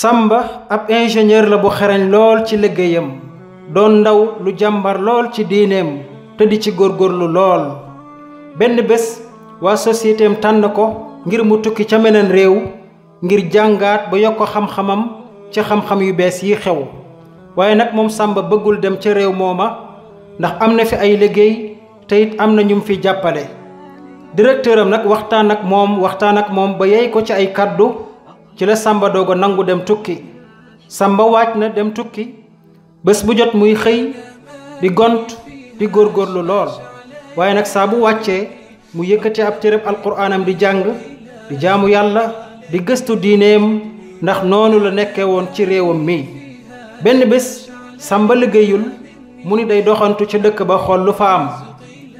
sàmba ab ingénieur la bu xereñ lool ci liggéeyam doon ndaw lu jàmbar lool ci diineem te di ci góorlu lool benn bés waa société am tànn ko ngir mu tukki ca meneen réew ngir jàngaat ba yokk xam-xamam ci xam-xam yu bees yi xew waaye nag moom Samba bëggul dem ca réew mooma ndax am na fi ay liggéey te it am na ñu mu fi jàppale directeur am nag waxtaan ak moom waxtaan ak moom ba yey ko ci ay kàddu ci la Samba Dogo nangu dem tukki Samba waaj na dem tukki bés bu jot muy xëy di gont di góorgóorlu lool waaye nag saa bu wàccee mu yëkkati ab téréb alquraanam di jàng di jaamu yàlla di gëstu diineem ndax noonu la nekke woon ci réewam mi benn bés Samba liggéeyul mu ni day doxantu ca dëkk ba xool lu fa am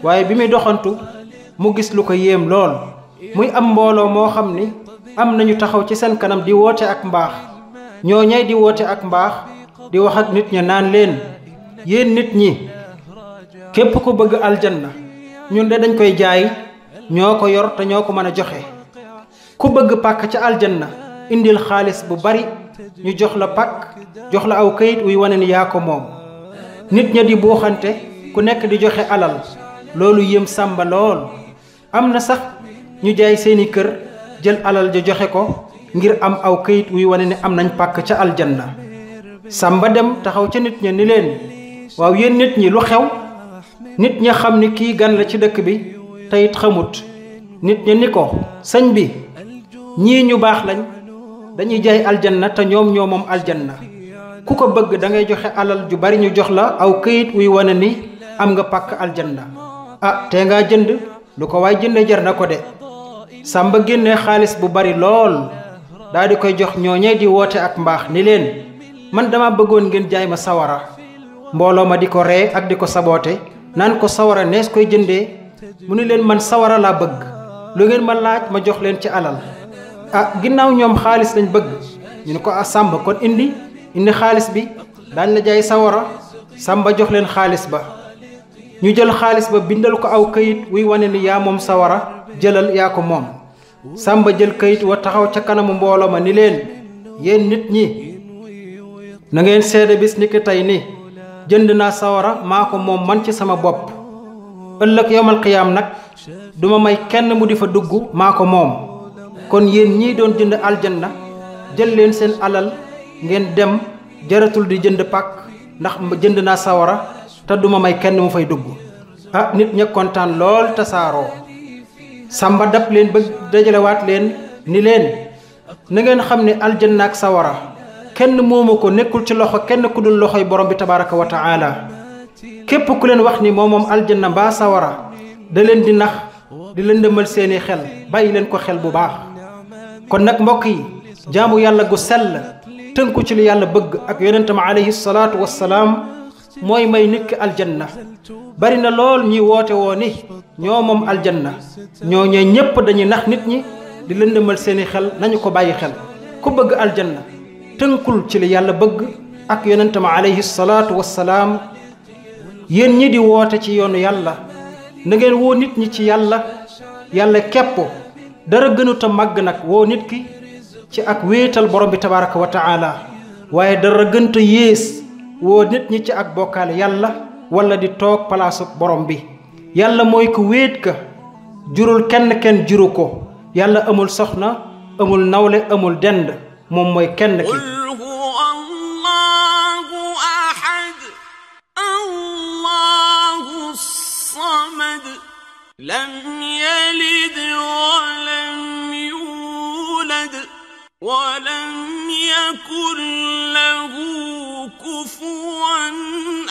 waaye bi muy doxantu mu gis lu ko yéem lool muy am mbooloo moo xam ni am na ñu taxaw ci seen kanam di woote ak mbaax ñoo ñay di woote ak mbaax di wax ak nit ña naan leen yéen nit ñi képp ku bëgg aljanna ñun de dañ koy jaay ñoo ko yor te ñoo ko mën a joxe ku bëgg pàkk ca aljanna indil xaalis bu bari ñu jox la pàkk jox la aw kayit wuy wane ni yaa ko moom nit ña di buuxante ku nekk di joxe alal loolu yëm sàmba lool am na sax ñu jaay seeni kër jël alal ja joxe ko ngir am aw kayit wuy wane ne am nañ pàkk ca aljanna sàmba dem taxaw ca nit ña ni leen waaw yéen nit ñi lu xew nit ña xam ni kii gan la ci dëkk bi teyit xamut nit ña ni ko sëñ bi ñii ñu baax lañ dañuy jaay aljanna te ñoom ñoo moom aljanna ku ko bëgg da ngay joxe alal ju bari ñu jox la aw kayit wuy wane ni am nga pàkk aljanna ah te ngaa jënd lu ko waay jënde jar na ko de sàmba génne xaalis bu bari lool daal di koy jox ñooñee di woote ak mbaax ni leen man dama bëggoon ngeen jaay ma sawara mbooloo ma di ko ree ak di ko saboote naan ko sawara nees koy jëndee mu ni leen man sawara laa bëgg lu ngeen ma laaj ma jox leen ci alal ah ginnaaw ñoom xaalis lañ bëgg ñu ne ko ah sàmba kon indi indi xaalis bi daañ la jaay sawara sàmba jox leen xaalis ba ñu jël xaalis ba bindal ko aw këyit wuy wane ni yaa moom sawara jëlal yaa ko moom sàmba jël kayit wa taxaw ca kanamu mbooloo ma ni leen yéen nit ñi na ngeen seede bis ni ki tey ni jënd naa sawara maa ko moom man ci sama bopp ëllëg yomal xiyaam nag duma may kenn mu di fa dugg maa ko moom kon yéen ñii doon jënd aljanna jël leen seen alal ngeen dem jaratul di jënd pàkk ndax jënd naa sawara te duma may kenn mu fay dugg ah nit ña kontaan lool tasaaroo sàmba dab leen ba dajalewaat leen ni leen na ngeen xam ne aljanna ak sawara kenn moomu ko nekkul ci loxo kenn ku dul loxoy borom bi tabaraka wa taala képp ku leen wax ni moo moom aljanna mbaa sawara da leen di nax di leen dëmal seeni xel bàyyi leen ko xel bu baax kon nag mbokk yi jaamu yàlla gu sell tënku ci lu yàlla bëgg ak yonentam alayhi salaatu salaam mooy may nit ki aljanna bari na lool ñi woote woo ni ñoo moom aljanna ñoo ñee ñépp dañuy nax nit ñi di lëndëmal seeni xel nañu ko bàyyi xel ku bëgg aljanna tënkul ci li yàlla bëgg ak yonentam alayhi salaatu wassalaam yéen ñi di woote ci yoonu yàlla na ngeen woo nit ñi ci yàlla yàlla képp dara gënuta màgg nag woo nit ki ci ak wéetal borom bi tabaraka wa waaye dara gënta yées woo nit ñi ci ak bokkaale yàlla wala di toog palaasu borom bi yàlla mooy ku wéet ka jurul kenn kenn juru ko yàlla amul soxna amul nawle amul dend moom mooy kenn ki lam yalid walam yulad walam yakun lahu كفوا